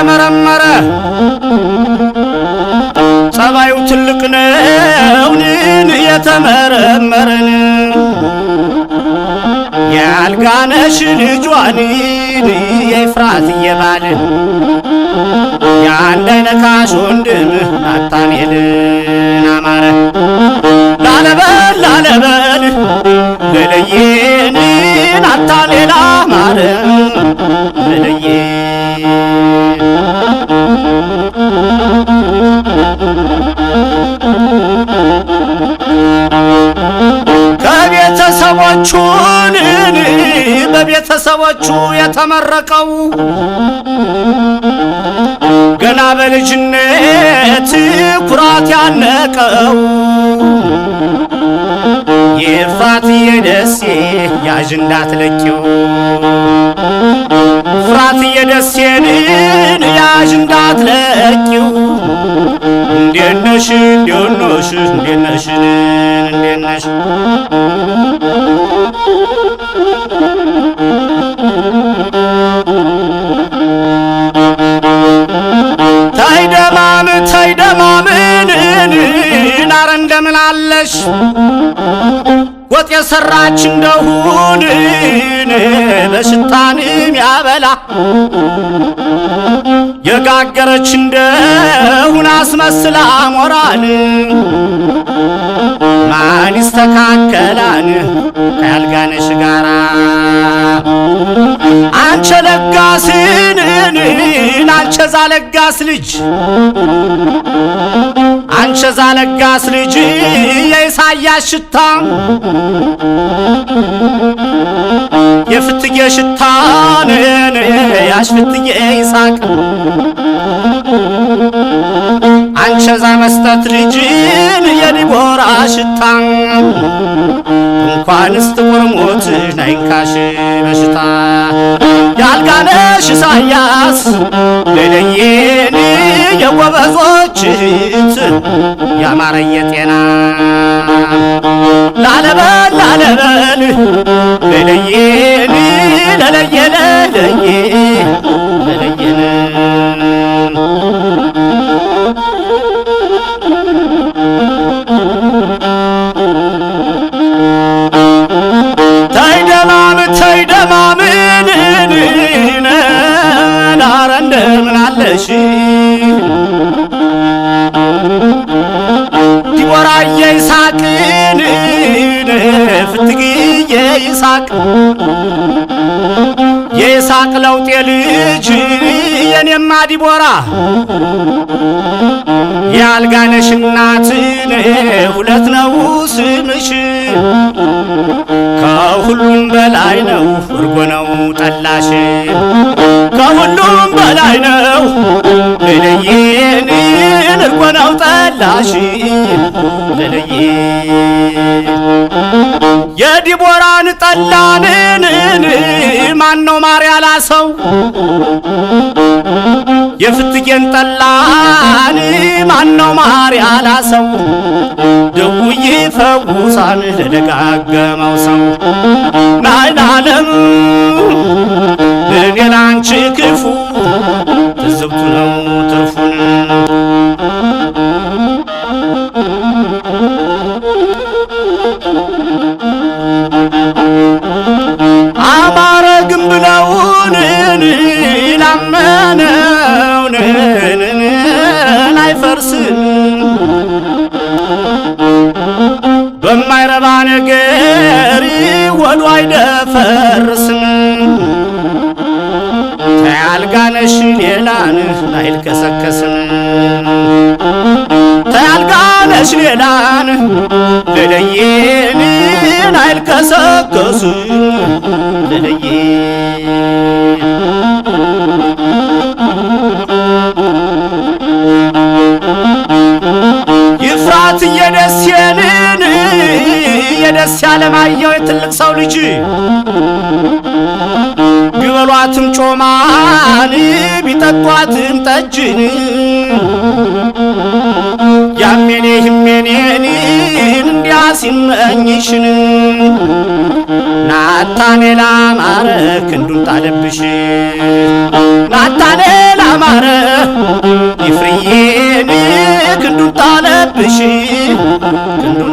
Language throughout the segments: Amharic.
ተመረመረ። ጸባዩ ትልቅ ነው ንን የተመረመረን ያልጋነሽ ልጇንን የፍራት እየባልን ያለነካሽ አይነካሽ ወንድም ናታኔልን ያላችሁን በቤተሰቦቹ የተመረቀው ገና በልጅነት ኩራት ያነቀው የፍራትዬ ደሴ ያዥ እንዳትለቂው ፍራትዬ ደሴንን ያዥ እንዳትለቂው እንዴነሽ እንዴነሽ እንዴነሽን ሆነሽ ወጥ የሰራች እንደሁን በሽጣንም የሚያበላ የጋገረች እንደሁን አስመስላ ሞራል ማን ይስተካከላን ከያልጋነሽ ጋራ አንቸ ለጋስንን አንቸ ዛ ለጋስ ልጅ የዋዛ ለጋስ ልጅ የኢሳያስ ሽታ የፍትጌ ሽታ ያሽ ፍትጌ ይሳቅ አንቸ ዛ መስጠት ልጅን የዲቦራ ሽታ እንኳን ጥቁር ሞት ናይንካሽ በሽታ ያልጋነሽ ኢሳያስ ለለየኔ የጎበዞች ያማረ የጤና ላለበል ላለበል ለለየ ለለየ ለለየ ለለየ ይስሐቅ የይስሐቅ ለውጤ ልጅ የኔማ ዲቦራ የአልጋነሽ እናት ሁለት ነው ስምሽ ከሁሉም በላይ ነው እርጎ ነው ጠላሽ ከሁሉም በላይ ነው ልልይን እርጎ ነው ጠላሽ ልልይ የዲቦራን ጠላንን ማን ነው ማር ያላሰው? የፍትጌን ጠላን ማን ነው ማር ያላሰው? ደዌ ይፈውሳን ለደጋገመው ሰው ናይላለም ለኔ ላንቺ ክፉ ትዝብቱ ነው ትርፉን አልጋነሽ ሌላንህ ላይል ከሰከስን ተአልጋነሽ ሌላንህ ለለየን ላይል ከሰከስን ለለየ ይፍራት የደስ የንን የደስ ያለማየው የትልቅ ሰው ልጅ ቢጠጧትም ጮማን ቢጠጧትም ጠጅን ያሜኔ ህሜኔንን እንዲያ ሲመኝሽን ናታኔል አማረ ክንዱን ጣለብሽ ናታኔል አማረ ኢፍርዬን ክንዱን ጣለብሽ ክንዱን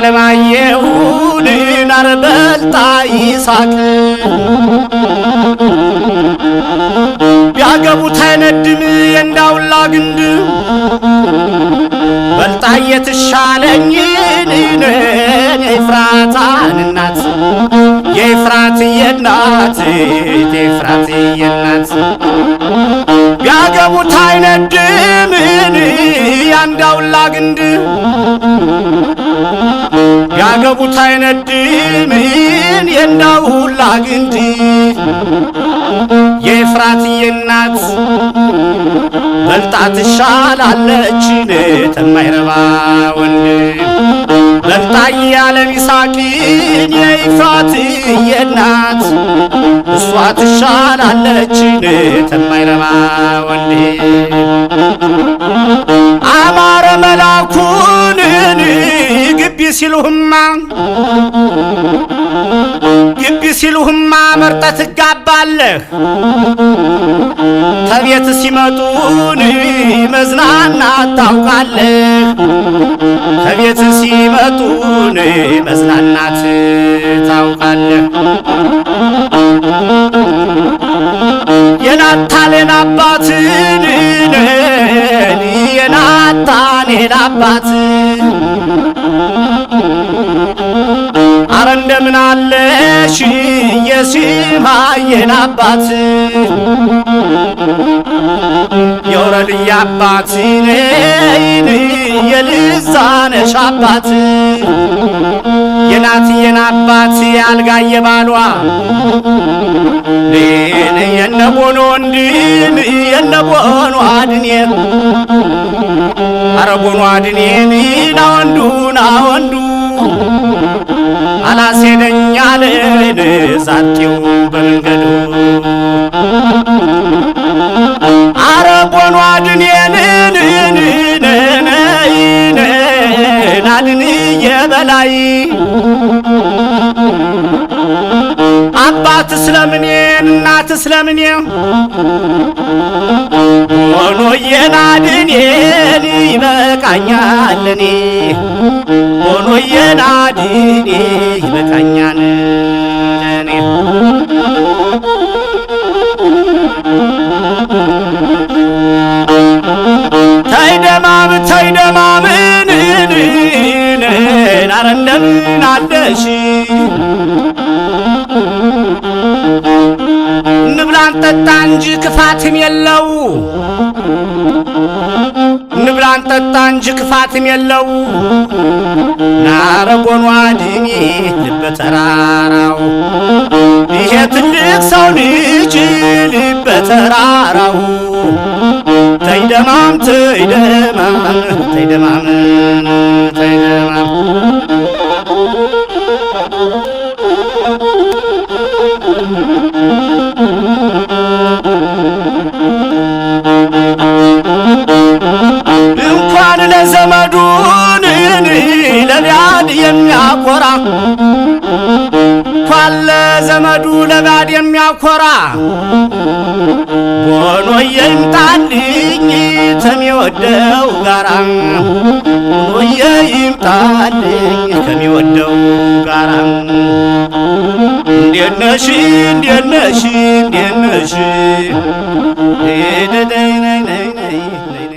አለማየሁ ልናር በልጣ ይሳቅ ቢያገቡት አይነድም የእንዳውላ ግንድ በልጣ የተሻለኝ ንነ የፍራታን እናት የኤፍራትዬ እናት የኤፍራትዬ እናት ቢያገቡት አይነድምን የአንድ አውላ ግንድ ቢያገቡት አይነድምን የአንድ ግንድ የኤፍራትዬ እናት በልጣ ትሻላለችን ተማይረባ ወንድ መርጣ ያለም ይሳቅን የይፋትዬ እናት እሷ ትሻላለችን ተማይረባ ወንዴ አማረ መላኩንን ሲሉህማ ግቢ ሲሉህማ መርጠህ ትጋባለህ። ከቤት ሲመጡን ታውቃለህ። መዝናናት ታውቃለህ። የናታሌን አባትን አባት እንደምናለሽ የስማዬን አባት የወረድያ አባት የልሳነሽ አባት የናትየን አባት አልጋ የባሏ ሌን የነቦኖ ወንድም የነቦኖ አድኔ አረቦኖ አድኔን ናወንዱናወ ራሴ ነኝ አባት ስለምኔ እናት ስለምኔ ሆኖ የናድኔን ይበቃኛልኔ ሆኖ የናድኔ ይበቃኛል ክፋትም የለው ንብላን ጠጣ እንጂ ክፋትም የለው ናረጎኗ ድኒ ልበተራራው ይሄ ትልቅ ሰው ልጅ ልበተራራው ተይደማም ተይደማም ተይደማም ተይደማም ካለ ዘመዱ ለባድ የሚያኮራ ቦኖ የይምጣልኝ ከሚወደው ጋራ ቦኖ የይምጣልኝ ከሚወደው ጋራ እንዴት ነሽ እንዴት ነሽ እንዴት ነሽ